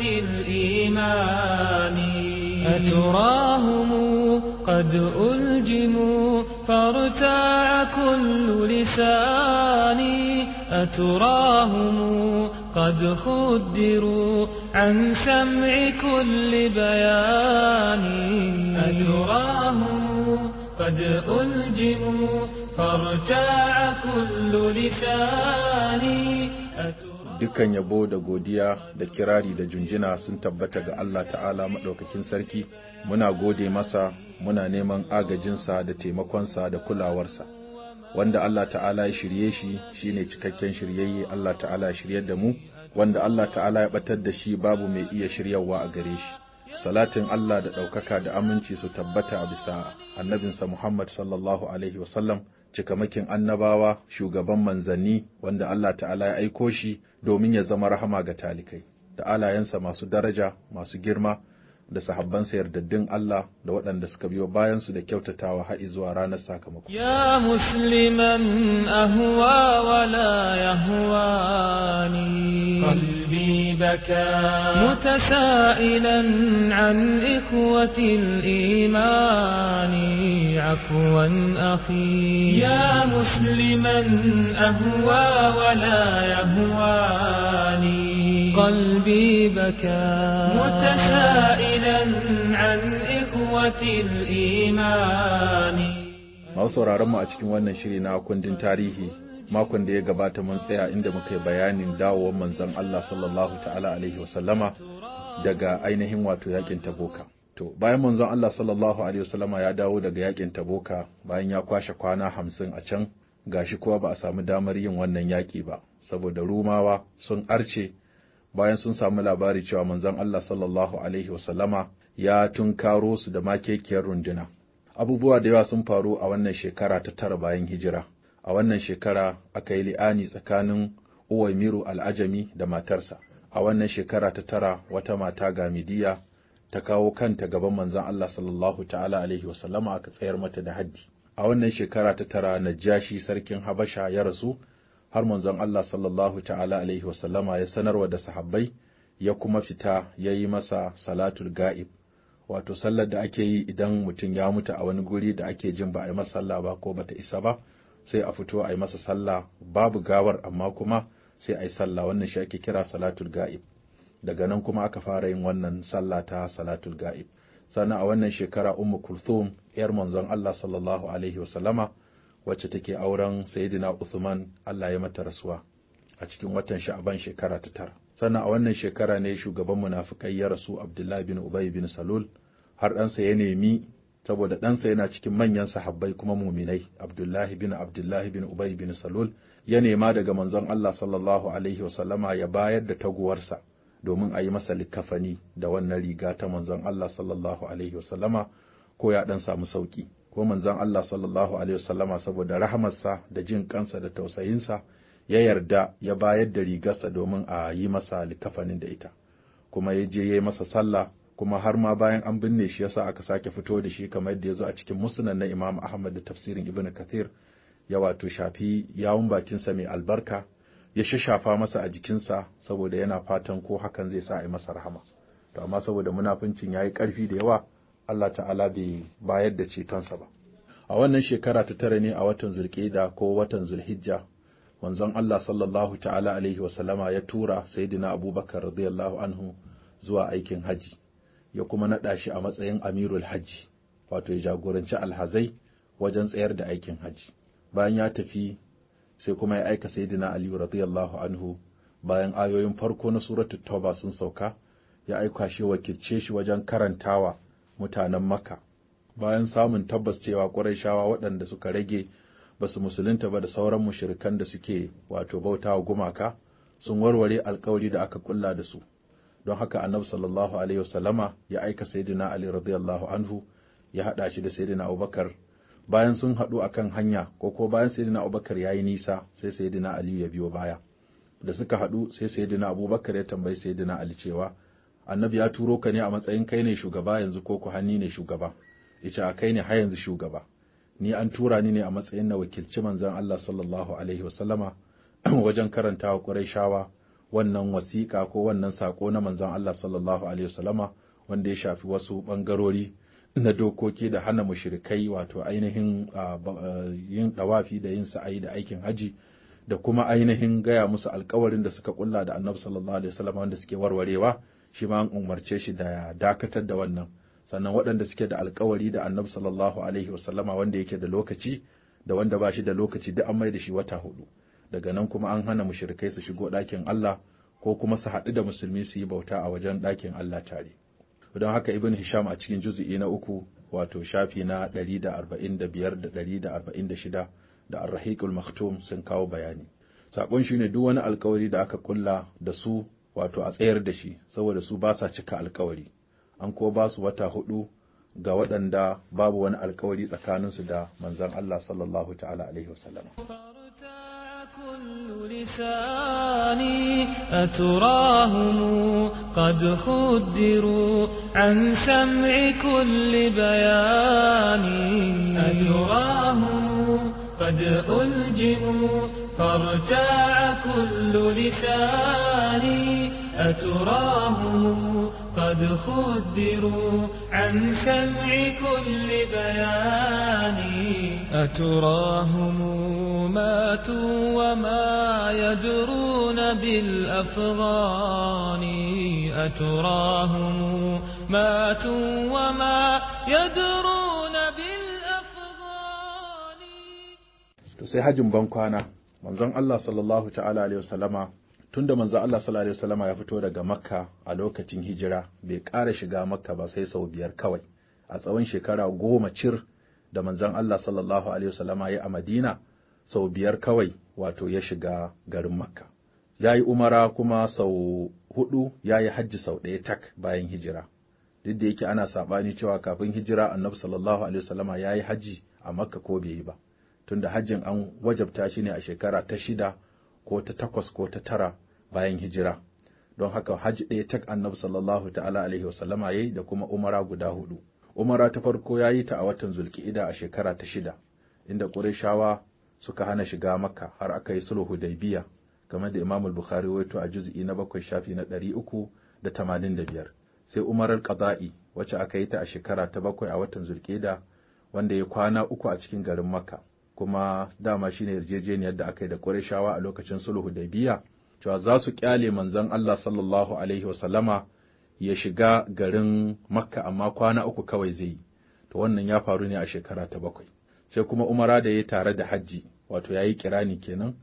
الإيمان أتراهم قد ألجموا فارتاع كل لسان أتراهم قد خدروا عن سمع كل بيان أتراهم قد ألجموا فارتاع كل لساني dukan yabo da godiya da kirari da junjina sun tabbata ga Allah ta'ala maɗaukakin sarki muna gode masa muna neman agajinsa da taimakonsa da kulawarsa wanda Allah ta'ala ya shirye shi shine cikakken shiryayye Allah ta'ala shirye da mu wanda Allah ta'ala ya batar da shi babu mai iya shiryawa a gare shi salatin Allah da ɗaukaka da aminci su tabbata a bisa annabinsa Muhammad sallallahu alaihi wasallam cikamakin annabawa shugaban manzanni wanda Allah ta'ala ya aiko shi domin ya zama rahama ga talikai da alayensa masu daraja masu girma da sahabbansa yardaddin Allah da waɗanda suka biyo bayansu da kyautatawa har zuwa ranar sakamako. Ya musliman ahwa wa la ni. qalbi baka mutasailan an ikwatin al-imani afwan akhi ya musliman ahwa wa la ni. قلبي بكى متسائلا عن إخوة الإيمان masu mu a cikin wannan shiri na kundin tarihi makon da ya gabata mun tsaya inda muka yi bayanin dawowar manzon Allah sallallahu ta'ala alaihi sallama daga ainihin wato yakin taboka to bayan manzon Allah sallallahu alaihi sallama ya dawo daga yakin taboka bayan ya kwashe kwana hamsin a can gashi kuwa ba a samu damar yin wannan yaƙi ba saboda rumawa sun arce bayan sun samu labari cewa manzon Allah sallallahu alaihi wasallama ya tunkaro su da makekiyar runduna. Abubuwa da yawa sun faru a wannan shekara ta tara bayan hijira. A wannan shekara aka yi li'ani tsakanin Uwaimiru al'ajami da matarsa. A wannan shekara ta tara wata mata ga midiya ta kawo kanta gaban manzon Allah sallallahu ta'ala alaihi wasallama aka tsayar mata da haddi. A wannan shekara ta tara Najashi sarkin Habasha ya rasu har manzon Allah sallallahu ta'ala alaihi wasallama ya sanarwa da sahabbai ya kuma fita ya yi masa salatul ga'ib wato sallar da ake yi idan mutum ya mutu a wani guri da ake jin ba a yi masa sallah ba ko bata isa ba sai a fito a yi masa sallah babu gawar amma kuma sai a yi sallah wannan shi ake kira salatul ga'ib daga nan kuma aka fara yin wannan sallah ta salatul ga'ib sannan a wannan shekara ummu kulthum yar manzon Allah sallallahu alaihi wasallama wacce take auren Sayyidina Uthman Allah ya mata rasuwa a cikin watan Sha'ban shekara ta tara. Sannan a wannan shekara ne shugaban munafikai ya rasu Abdullahi bin Ubay bin Salul har ɗansa ya nemi saboda ɗansa yana cikin manyan sahabbai kuma muminai Abdullahi bin Abdullahi bin Ubay bin Salul ya nema daga manzon Allah sallallahu alaihi wasallama ya bayar da taguwarsa domin a yi masa likafani da wannan riga ta manzon Allah sallallahu alaihi wasallama ko ya ɗan samu sauƙi. ko manzon Allah sallallahu alaihi wasallama saboda rahamarsa da jin kansa da tausayinsa ya yarda ya bayar da rigarsa domin a yi masa likafanin da ita kuma ya je ya yi masa sallah kuma har ma bayan an binne shi yasa aka sake fito da shi kamar yadda ya zo a cikin musnad na Imam Ahmad da tafsirin Ibn Kathir ya wato shafi yawun bakinsa mai albarka ya shashafa masa a jikinsa saboda yana fatan ko hakan zai sa a yi masa rahama to amma saboda munafincin yayi karfi da yawa Allah ta'ala bai bayar da cetonsa ba a wannan shekara ta tara ne a watan da ko watan zulhijja wanzan Allah sallallahu ta'ala alaihi wasallama ya tura sayyidina abubakar radiyallahu anhu zuwa aikin haji ya kuma naɗa shi a matsayin amirul haji wato ya jagoranci alhazai wajen tsayar da aikin haji bayan ya tafi sai kuma ya aika sayyidina ali radiyallahu anhu bayan ayoyin farko na suratul tauba sun sauka ya aika shi wakilce shi wajen karantawa mutanen Makka bayan samun tabbas cewa Qurayshawa waɗanda suka rage ba su musulunta ba da sauran mushirikan da suke wato bauta wa gumaka sun warware alkawari da aka kulla da su don haka annabi sallallahu alaihi wasallama ya aika sayyidina Ali radiyallahu anhu ya haɗa shi da sayyidina Abubakar bayan sun haɗu akan hanya ko ko bayan sayyidina Abubakar yayi nisa sai sayyidina Ali ya biyo baya da suka haɗu sai sayyidina Abubakar ya tambayi sayyidina Ali cewa annabi ya turo ka ne a matsayin kai ne shugaba yanzu ko ku hanni ne shugaba ce a kai ne har yanzu shugaba ni an tura ni ne a matsayin na wakilci manzon Allah sallallahu alaihi wasallama wajen karanta wa Qurayshawa wannan wasiƙa ko wannan sako na manzon Allah sallallahu alaihi wasallama wanda ya shafi wasu bangarori na dokoki da hana mushrikai wato ainihin yin dawafi da yin sa'ayi da aikin haji da kuma ainihin gaya musu alkawarin da suka kulla da Annabi sallallahu alaihi wasallama wanda suke warwarewa shi ma an umarce shi da ya dakatar da wannan sannan waɗanda suke da alkawari da annabi sallallahu alaihi wasallama wanda yake da lokaci da wanda ba shi da lokaci duk an mai da shi wata hudu daga nan kuma an hana mushrikai su shigo ɗakin Allah ko kuma su haɗu da musulmi su yi bauta a wajen ɗakin Allah tare don haka ibn hisham a cikin juzu'i na uku wato shafi na 145 da 146 da ar-rahiqul maktum sun kawo bayani sakon shine duk wani alkawari da aka kulla da su wato a tsayar da shi saboda su ba sa cika alkawari an ko ba su wata hudu ga waɗanda babu wani alkawari tsakaninsu da manzon Allah sallallahu ta'ala alaihi wasallam كل لساني أتراهم قد خدروا عن سمع كل بياني أتراهم قد ألجموا فارتاع كل لساني أتراهم قد خدروا عن سمع كل بيان أتراهم ماتوا وما يدرون بالأفغان أتراهم ماتوا وما يدرون بالأفغان تسيحة جنبان manzon Allah sallallahu ta'ala alaihi wasallama tunda manzon Allah sallallahu alaihi wasallama ya fito daga Makka a lokacin hijira bai ƙara shiga Makka ba sai sau biyar kawai a tsawon shekara goma cir da manzon Allah sallallahu alaihi wasallama ya a Madina sau biyar kawai wato ya shiga garin Makka ya yi umara kuma sau hudu ya yi hajji sau ɗaya tak bayan hijira duk da yake ana saɓani cewa kafin hijira annabi sallallahu alaihi wasallama ya yi hajji a Makka ko bai yi ba tunda hajjin an wajabta shi ne a shekara ta shida ko ta takwas ko ta tara bayan hijira don haka hajji ɗaya ta annabi sallallahu ta'ala alaihi wasallama yayi da kuma umara guda hudu umara ta farko ya yi ta a watan zulki'ida a shekara ta shida inda qurayshawa suka hana shiga makka har aka yi sulhu daibiya kamar da imamul bukhari waito a juz'i na bakwai shafi na ɗari uku da tamanin da biyar sai umarar qada'i wacce aka yi ta a shekara ta bakwai a watan zulkida wanda ya kwana uku a cikin garin makka kuma dama shine yarjejeniyar da aka yi da Qurayshawa a lokacin sulhu da biya cewa za su kyale manzon Allah sallallahu alaihi wasallama ya shiga garin Makka amma kwana uku kawai zai yi to wannan ya faru ne a shekara ta bakwai sai kuma umara da ya tare da hajji wato yayi kirani kenan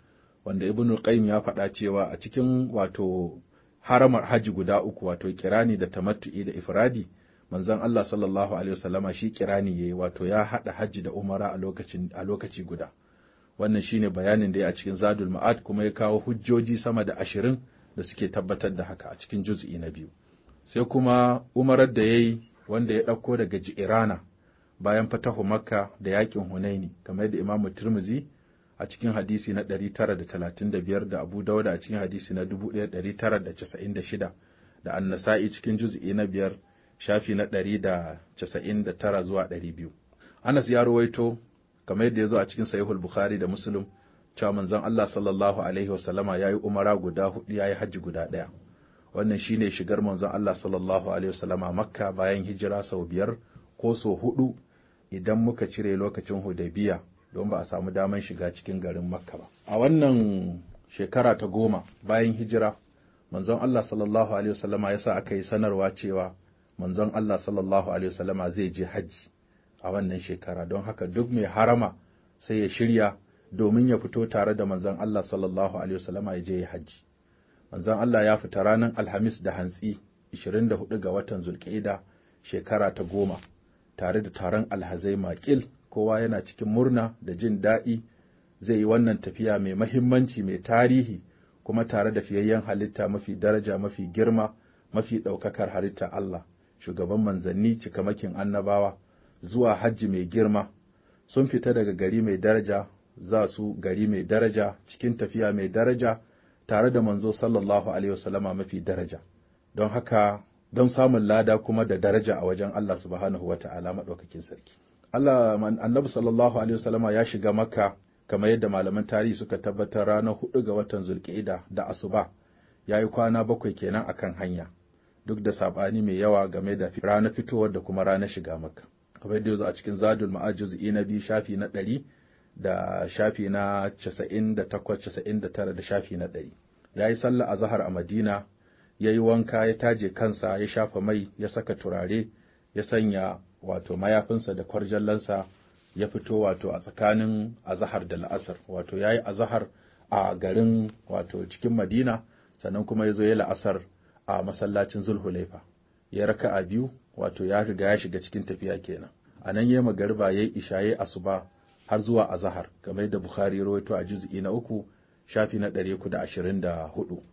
wanda ibnu qayyim ya faɗa cewa a cikin wato haramar hajji guda uku wato kirani da tamattu'i da ifradi manzon Allah sallallahu alaihi wasallama shi kirani ya yi wato ya haɗa hajji da umara a lokacin a lokaci guda wannan shine bayanin da ya a cikin zadul ma'ad kuma ya kawo hujjoji sama da ashirin da suke tabbatar da haka a cikin juz'i na biyu sai kuma umarar da yayi wanda ya ɗauko daga ji'irana bayan fatahu makka da yakin hunaini kamar da imamu tirmizi a cikin hadisi na 935 da abu dauda a cikin hadisi na 1996 da annasa'i cikin juz'i na biyar shafi na ɗari da da tara zuwa 200 Anas ya ruwaito kamar yadda ya zo a cikin Sahihul Bukhari da Muslim cewa manzon Allah sallallahu alaihi wasallama yayi umara guda hudu yi hajji guda ɗaya. wannan shi ne shigar manzon Allah sallallahu alaihi wasallama Makka bayan hijira sau biyar ko sau hudu idan muka cire lokacin Hudaybiya don ba a samu daman shiga cikin garin Makka ba a wannan shekara ta goma bayan hijira manzon Allah sallallahu alaihi wasallama yasa aka yi sanarwa cewa manzon Allah sallallahu alaihi wasallama zai je hajji a wannan shekara don haka duk mai harama sai ya shirya domin ya fito tare da manzon Allah sallallahu alaihi wasallama ya je ya hajji manzon Allah ya fita ranar Alhamis da hantsi 24 ga watan Zulqa'ida shekara ta goma tare da taron alhazai maƙil kowa yana cikin murna da jin daɗi zai yi wannan tafiya mai mahimmanci mai tarihi kuma tare da fiyayyen halitta mafi daraja mafi girma mafi ɗaukakar halitta Allah shugaban manzanni cikamakin annabawa zuwa hajji mai girma sun fita daga gari mai daraja za su gari mai daraja cikin tafiya mai daraja tare da manzo sallallahu alaihi wasallama mafi daraja don haka don samun lada kuma da daraja a wajen Allah subhanahu wa ta'ala maɗaukakin sarki. Allah annabi sallallahu alaihi wasallama ya shiga makka kamar yadda malaman tarihi suka tabbatar ranar hudu ga watan zulƙida da asuba ya yi kwana bakwai kenan akan hanya duk da saɓani mai yawa game da ranar fitowar da kuma ranar shiga maka kamar da yanzu a cikin zadul ma'ajiz na biyu shafi na ɗari da shafi na casa'in da takwas casa'in da tara da shafi na ɗari ya yi sallah a zahar a madina ya yi wanka ya taje kansa ya shafa mai ya saka turare ya sanya wato mayafinsa da kwarjallansa ya fito wato a tsakanin azahar da la'asar wato ya yi azahar a garin wato cikin madina sannan kuma ya zo ya la'asar a masallacin Zulhulaifa ya raka a biyu wato ya riga ya shiga cikin tafiya kenan a nan ya magariba ya yi ishaye a asuba har zuwa azahar game da Bukhari rawaito a juz'i na uku shafi na ɗari da ashirin da hudu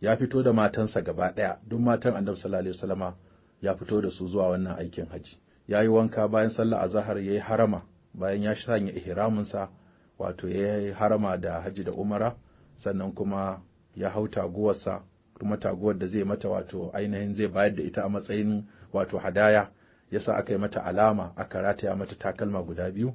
ya fito da matansa gaba ɗaya duk matan annabi sallallahu alaihi wasallama ya fito da su zuwa wannan aikin haji ya yi wanka bayan sallah azahar ya yi harama bayan ya sanya ihraminsa wato ya yi harama da haji da umara sannan kuma ya hau taguwarsa kuma taguwar da zai mata wato ainihin zai bayar da ita a matsayin wato hadaya ya sa aka yi mata alama aka rataya mata takalma guda biyu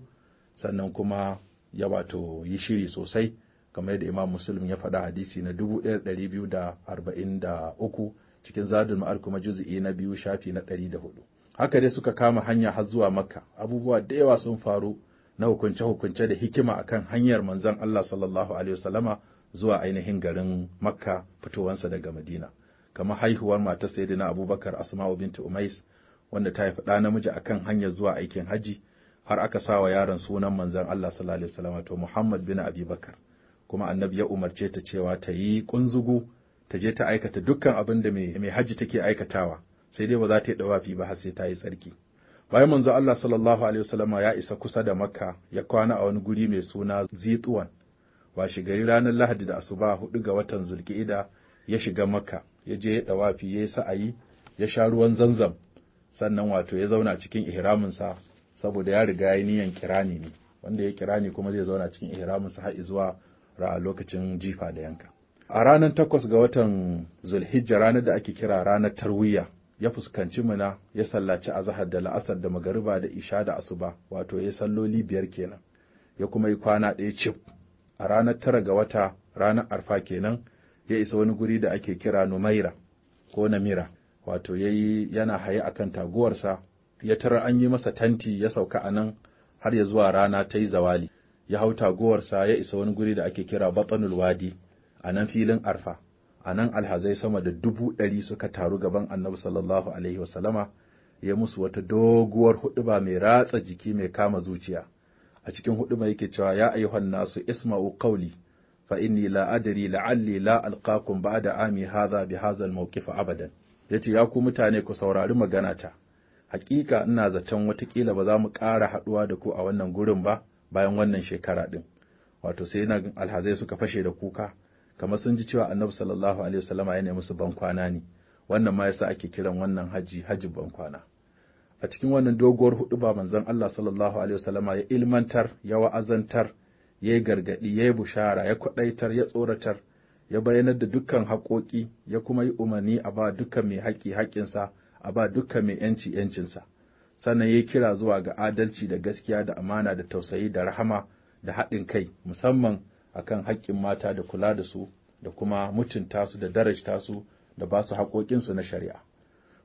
sannan kuma ya wato yi shiri sosai kamar yadda imam muslim ya faɗa hadisi na 1243 cikin zadul ma'ar kuma juzu'i na biyu shafi na ɗari da hudu. haka dai suka kama hanya har zuwa makka abubuwa da yawa sun faru na hukunce-hukunce da hikima akan hanyar manzon Allah sallallahu alaihi wasallama zuwa ainihin garin makka fitowansa daga madina kamar haihuwar mata sayyidina abubakar asma'u Binta umais wanda ta haifi ɗa namiji akan hanyar zuwa aikin haji har aka sawa yaron sunan manzon Allah sallallahu alaihi wasallam to Muhammad bin Abi kuma annabi ya umarce ta cewa ta yi kunzugu ta je ta aikata dukkan abin da mai haji take aikatawa sai dai ba za ta yi dawafi ba har sai ta yi tsarki bayan manzo Allah sallallahu alaihi wasallama ya isa kusa da Makka ya kwana a wani guri mai suna Zituwan washe gari ranar Lahadi da asuba hudu ga watan Zulki'ida ya shiga Makka ya je ya dawafi ya sa'ayi ya sha ruwan Zanzam sannan wato ya zauna cikin ihramin sa saboda ya riga ya niyan kirani ne wanda ya kirani kuma zai zauna cikin ihramin sa har zuwa ra'a lokacin jifa da yanka a ranar takwas ga watan Zulhijja ranar da ake kira ranar tarwiyya ya fuskanci muna ya sallaci azahar da la'asar da magariba da isha da asuba wato ya salloli biyar kenan ya kuma yi kwana ɗaya cif a ranar tara ga wata ranar arfa kenan ya isa wani guri da ake kira numaira ko namira wato yayi yana haye kan taguwarsa ya tara an yi masa tanti ya sauka a nan har ya zuwa rana ta yi zawali ya hau taguwarsa ya isa wani guri da ake kira batsanul wadi a nan filin arfa a nan alhazai sama da dubu ɗari suka taru gaban annabi sallallahu alaihi wasallama ya musu wata doguwar huɗuba mai ratsa jiki mai kama zuciya a cikin hudu mai yake cewa ya ayyuhan nasu isma'u qawli fa inni la adri la'alli la alqakum ba'da ami hadha bi hadha al-mawqif abadan yace ya ku mutane ku saurari magana maganata hakika ina zaton watakila ba za mu ƙara haɗuwa da ku a wannan gurin ba bayan wannan shekara ɗin wato sai na alhazai suka fashe da kuka kamar sun ji cewa annabi sallallahu alaihi wasallama ya nemi bankwana ne wannan ma yasa ake kiran wannan haji haji kwana? a cikin wannan doguwar hudu ba manzon Allah sallallahu alaihi wasallama ya ilmantar ya wa'azantar ya yi gargaɗi ya yi bushara ya kwaɗaitar ya tsoratar ya bayyanar da dukkan haƙoƙi ya kuma yi umarni a ba dukkan mai haƙƙi haƙinsa a ba dukkan mai ‘yanci ‘yancinsa sannan ya kira zuwa ga adalci da gaskiya da amana da tausayi da rahama da haɗin kai musamman akan haƙƙin mata da kula da su da kuma mutunta su da darajta su da ba su haƙoƙinsu na shari'a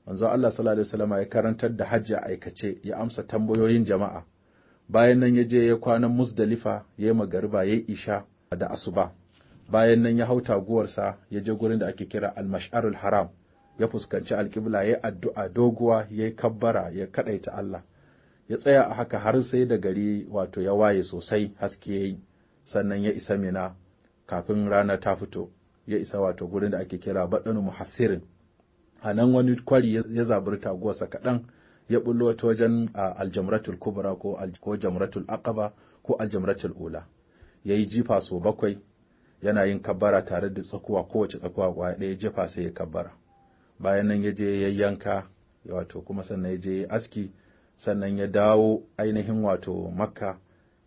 manzo Allah sallallahu alaihi wasallam ya karantar da hajji a aikace ya amsa tambayoyin jama'a bayan nan ya je ya kwana musdalifa ya yi magariba ya isha da asuba bayan nan ya hau taguwarsa ya je gurin da ake kira almash'arul haram ya fuskanci alƙibla ya yi addu'a doguwa ya yi kabbara ya kaɗaita Allah ya tsaya a haka har sai da gari wato ya waye sosai haske ya sannan ya isa mina kafin rana ta fito ya isa wato gurin da ake kira baɗanu muhassirin a nan wani kwari ya zaburi taguwarsa kaɗan ya bullo wata wajen aljamratul kubra ko ko jamratul aqaba ko aljamratul ula yayi jifa so bakwai yana yin kabbara tare da tsakuwa kowace tsakuwa kwaya ɗaya jefa sai ya kabbara bayan nan ya je ya yanka wato kuma sannan ya je ya aski sannan ya dawo ainihin wato makka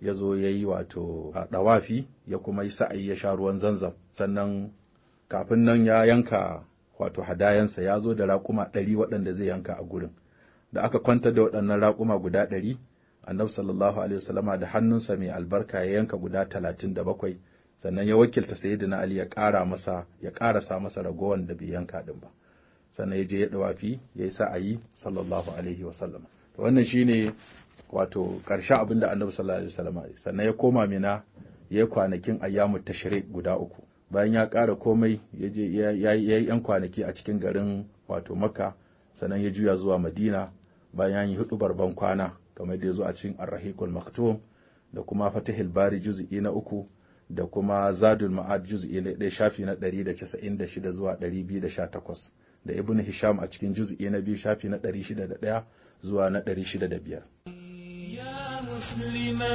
ya zo ya yi wato ɗawafi ya kuma yi sa'ayi ya sha ruwan zanzam sannan kafin nan ya yanka wato hadayansa ya zo da raƙuma ɗari waɗanda zai yanka a gurin da aka kwantar da waɗannan raƙuma guda ɗari annabi sallallahu alaihi wasallama da hannunsa mai albarka ya yanka guda talatin da bakwai sannan ya wakilta sayyidina ali ya ƙara masa ya ƙarasa masa ragowan da bai yanka ɗin ba sannan ya je ya ɗawafi ya yi yi sallallahu alaihi wasallama to wannan shine wato ƙarshen abin annabi sallallahu alaihi wasallama sannan ya koma mina ya yi kwanakin ayyamu tashri guda uku bayan ya ƙara komai ya je ya yi yan kwanaki a cikin garin wato makka sannan ya juya zuwa madina bayan yi hudu barban kwana kamar da ya zo a cikin arrahikul maktum da kuma fatihil bari juz'i na uku da kuma zadul ma'ad juz'i na ɗaya shafi na ɗari da casa'in da shida zuwa ɗari biyu da sha takwas da ibn hisham a cikin juz'i na biyu shafi na ɗari shida da ɗaya zuwa na ɗari shida da biyar. مسلما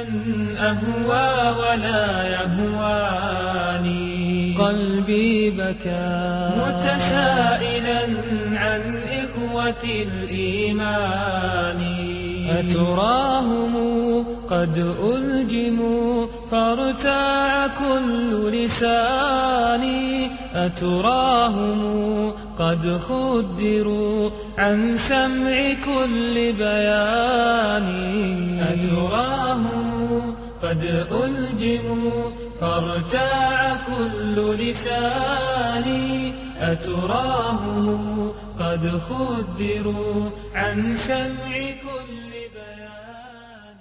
أهوى ولا يهواني قلبي بكى متسائلا عن إخوة الإيمان أتراهم قد ألجموا فارتاع كل لساني أتراهم قد خدروا عن سمع كل بيان أتراهم قد ألجموا فارتاع كل لساني أتراهم قد خدروا عن سمع كل بيان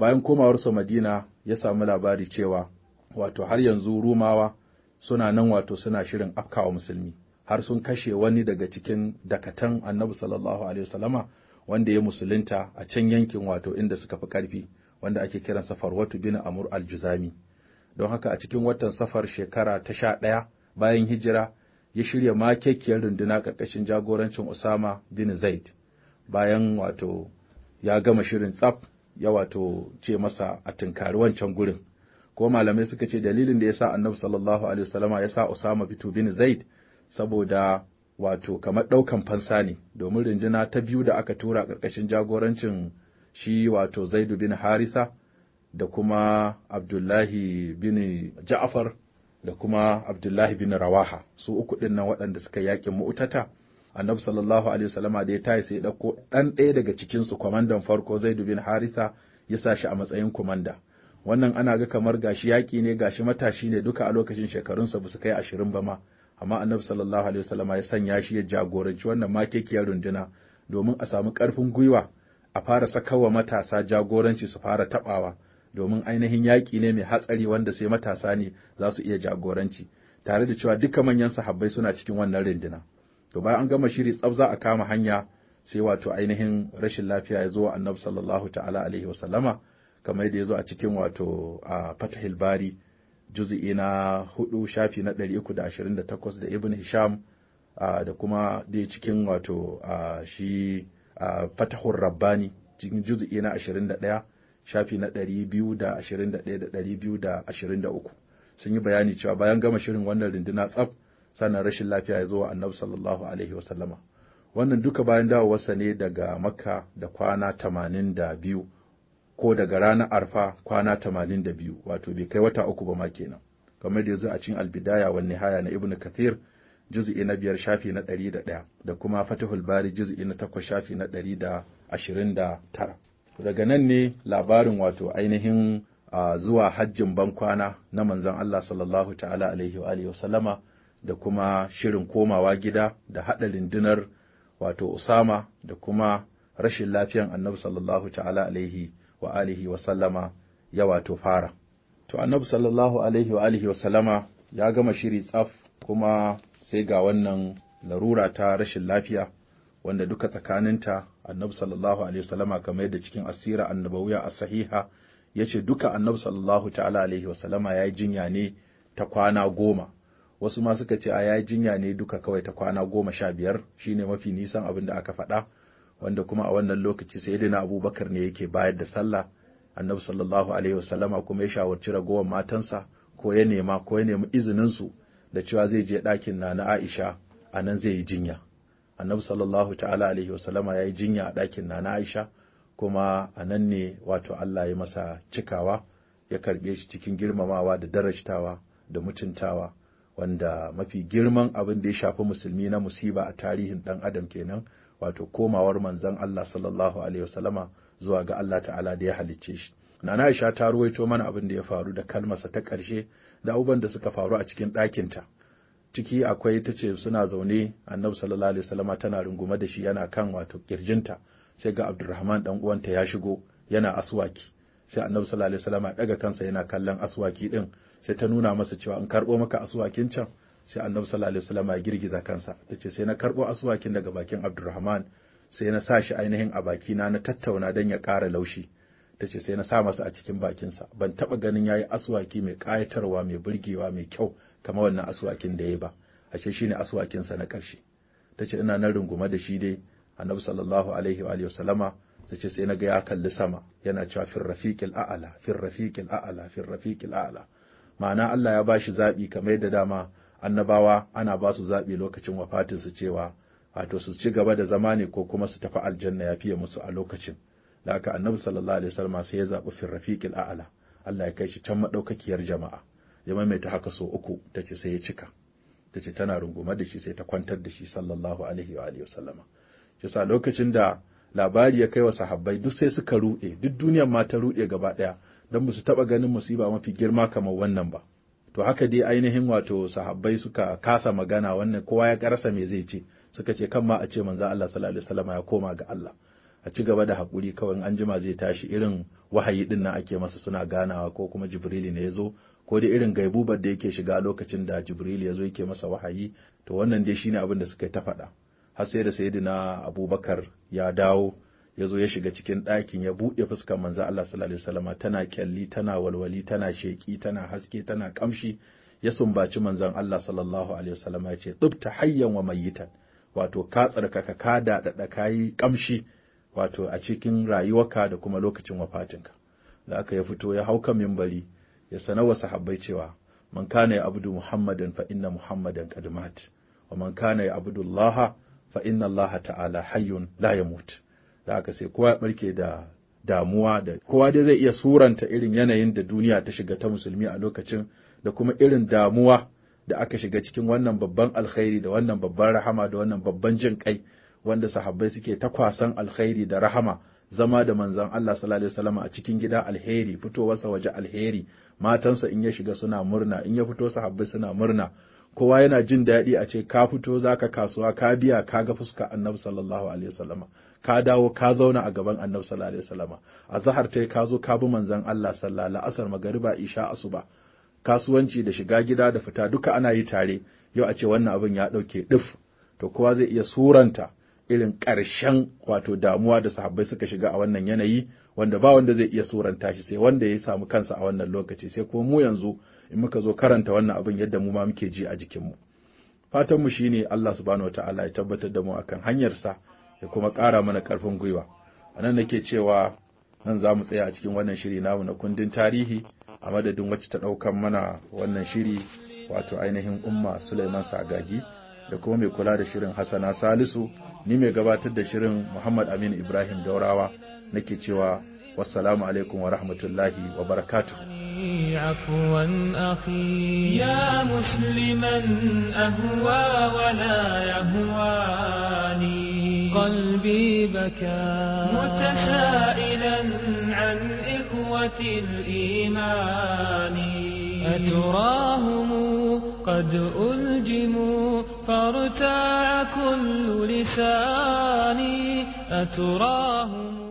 bayan komawarsa Madina ya samu labari cewa wato har yanzu Rumawa suna nan wato suna shirin afkawa musulmi har sun kashe wani daga cikin dakatan Annabi sallallahu alaihi wasallama wanda ya musulunta a can yankin wato inda suka fi ƙarfi wanda ake kiransa Farwatu bin Amur al don haka a cikin watan safar shekara ta sha ɗaya bayan hijira ya shirya makekiyar runduna ƙarƙashin jagorancin Usama bin Zaid bayan wato ya gama shirin tsaf ya wato ce masa a tunkari wancan gurin ko malamai suka ce dalilin da yasa Annabi sallallahu alaihi wasallama yasa Usama fitu bin Zaid saboda wato kamar ɗaukan fansa ne domin runduna ta biyu da aka tura ƙarƙashin jagorancin shi wato Zaidu bin Haritha da kuma Abdullahi bin Ja'far da kuma Abdullahi bin Rawaha su uku din nan waɗanda suka yaƙi mu'tata annabi sallallahu alaihi wasallama da ya tayi sai dauko ɗan ɗaya daga cikin su kwamandan farko Zaid bin Harisa ya sa shi a matsayin kwamanda wannan ana ga kamar gashi yaƙi ne gashi matashi ne duka a lokacin shekarunsa ba su kai ashirin ba ma amma annabi sallallahu alaihi wasallama ya sanya shi ya jagoranci wannan makekiyar runduna domin a samu ƙarfin gwiwa a fara sakawa matasa jagoranci su fara taɓawa domin ainihin yaƙi ne mai hatsari wanda sai matasa ne za su iya jagoranci tare da cewa duka manyan sahabbai suna cikin wannan rindina to bayan an gama shiri tsaf za a kama hanya sai wato ainihin rashin lafiya ya zo wa annabi sallallahu ta'ala alaihi wa sallama kamar da ya zo a cikin wato a fatahil bari juz'i na hudu shafi na 328 da ibn hisham da kuma da cikin wato shi fatahur rabbani cikin juz'i na 21 shafi na 221 da 223 sun yi bayani cewa bayan gama shirin wannan runduna tsaf sannan rashin lafiya ya zo wa annabi sallallahu alaihi wasallama wannan duka bayan dawowarsa ne daga makka da kwana 82 ko daga ranar arfa kwana 82 wato bai kai wata uku ba ma kenan kamar da yanzu a cikin albidaya wa haya na ibnu kathir juz'i na biyar shafi na ɗari da kuma fatihul bari juz'i na takwas shafi na ɗari da ashirin da tara daga nan ne labarin wato ainihin zuwa hajjin bankwana na manzon Allah sallallahu ta'ala alaihi wa alihi wasallama da kuma shirin komawa gida da haɗa rundunar wato Usama da kuma rashin lafiyan Annabi sallallahu ta'ala alaihi wa alihi wasallama ya wato fara to Annabi sallallahu alaihi wa alihi wasallama ya gama shiri tsaf kuma sai ga wannan larura ta rashin lafiya wanda duka tsakaninta annabi sallallahu alaihi wasallama kamar yadda cikin asira annabawiya a sahiha ya ce duka annabi sallallahu ta'ala alaihi wasallama ya yi jinya ne ta kwana goma wasu ma suka ce a ya yi jinya ne duka kawai ta kwana goma sha biyar shine mafi nisan abin da aka faɗa wanda kuma a wannan lokaci sai dina abubakar ne yake bayar da sallah annabi sallallahu alaihi wasallama kuma ya shawarci ragowar matansa ko ya nema ko ya nemi izinin su da cewa zai je ɗakin na na Aisha a nan zai yi jinya annabi sallallahu ta'ala alaihi wasallama ya yi jinya a ɗakin na aisha kuma a nan ne wato allah ya masa cikawa ya karɓe shi cikin girmamawa da darajtawa da mutuntawa wanda mafi girman abin da ya shafi musulmi na musiba a tarihin ɗan adam kenan wato komawar manzon allah sallallahu alaihi wasallama zuwa ga allah ta'ala da ya halicce shi Nana Aisha ta ruwaito mana abin da ya faru da kalmasa ta ƙarshe da abubuwan da suka faru a cikin ɗakinta. ciki akwai ta ce suna zaune annabi sallallahu alaihi wasallama tana rungume da shi yana kan wato kirjinta sai ga abdurrahman dan uwanta ya shigo yana aswaki sai annabi sallallahu alaihi wasallama daga kansa yana kallon aswaki din sai ta nuna masa cewa in karbo maka aswakin can sai annabi sallallahu alaihi wasallama ya girgiza kansa tace sai na karbo aswakin daga bakin abdurrahman sai na sa shi ainihin a bakina na tattauna dan ya ƙara laushi ta ce sai na sa masa a cikin bakinsa ban taɓa ganin ya yi aswaki mai ƙayatarwa mai burgewa mai kyau kamar wannan aswakin da ya ba ashe shi ne aswakinsa na ƙarshe ta ce ina nan rungume da shi dai annabi sallallahu alaihi wa alihi wasallama ta ce sai na ga ya kalli sama yana cewa fir rafiqil a'la fir rafiqil a'la fir rafiqil ma'ana Allah ya bashi zaɓi, kamar yadda dama annabawa ana ba su zabi lokacin wafatin su cewa wato su ci gaba da zama ne ko kuma su tafi aljanna ya fiye musu a lokacin da aka annabi sallallahu alaihi wasallam sai ya zaɓi rafiqil a'la Allah ya kai shi can madaukakiyar jama'a ya maimaita haka so uku tace sai ya cika tace tana runguma da shi sai ta kwantar da shi sallallahu alaihi wa alihi wasallama yasa lokacin da labari ya kai wa sahabbai duk sai suka ruɗe duk duniyar ma ta ruɗe gaba ɗaya dan ba su taɓa ganin musiba mafi girma kamar wannan ba to haka dai ainihin wato sahabbai suka kasa magana wannan kowa ya karasa me zai ce suka ce kan ma a ce manzo Allah sallallahu alaihi wasallama ya koma ga Allah a ci gaba da haƙuri kawai an jima zai tashi irin wahayi ɗin nan ake masa suna ganawa ko kuma jibrili ne ya zo ko dai irin gaibubar da yake shiga lokacin da jibrili ya zo yake masa wahayi to wannan dai shine abin da suka ta faɗa har sai da sayyidina abubakar ya dawo ya zo ya shiga cikin ɗakin ya buɗe fuskar manzo Allah sallallahu alaihi wasallama tana kyalli tana walwali tana sheki tana haske tana kamshi ya sumbaci manzon Allah sallallahu alaihi wasallama ya ce tsubta hayyan wa mayyitan wato ka tsarkaka ka daɗaɗa kayi kamshi wato a cikin rayuwarka da kuma lokacin wafatinka da aka ya fito ya hau kan mimbari ya wa sahabbai cewa man kana ya abudu muhammadan fa inna muhammadan qad mat wa man kana ya abudu allah fa inna allah ta'ala hayyun la yamut da aka sai kowa ya barke da damuwa da kowa dai zai iya suranta irin yanayin da duniya ta shiga ta musulmi a lokacin da kuma irin damuwa da aka shiga cikin wannan babban alkhairi da wannan babban rahama da wannan babban jin kai wanda sahabbai suke ta kwasan alkhairi da rahama zama da manzon Allah sallallahu alaihi wasallam a cikin gida alheri fitowarsa waje alheri matansa in ya shiga suna murna in ya fito sahabbai suna murna kowa yana jin daɗi a ce ka fito zaka kasuwa ka biya ka ga fuska annabi sallallahu alaihi wasallam ka dawo ka zauna a gaban annabi sallallahu alaihi wasallam a zahar tai ka zo ka bi manzon Allah sallallahu alaihi asar magariba isha asuba kasuwanci da shiga gida da fita duka ana yi tare yau a ce wannan abin ya ɗauke ɗif to kowa zai iya suranta irin ƙarshen wato damuwa da sahabbai suka shiga a wannan yanayi wanda ba wanda zai iya suranta shi sai wanda ya samu kansa a wannan lokaci sai kuma mu yanzu in muka zo karanta wannan abin yadda mu ma muke ji a jikinmu fatan mu shine Allah subhanahu wataala ya tabbatar da mu akan hanyar sa ya kuma ƙara mana ƙarfin gwiwa anan nake cewa nan za mu tsaya a cikin wannan shiri namu na kundin tarihi a madadin wacce ta ɗaukan mana wannan shiri wato ainihin umma Suleiman Sagagi da kuma mai kula da shirin Hassana Salisu ni mai gabatar da shirin Muhammad Amin Ibrahim Daurawa nake cewa wassalamu alaikum wa rahmatullahi wa barakatuh عفوا أخي يا مسلما أهوى ولا يهواني قلبي بكى متسائلا عن إخوة الإيمان أتراهم قد ألجموا فارتاع كل لساني أتراهم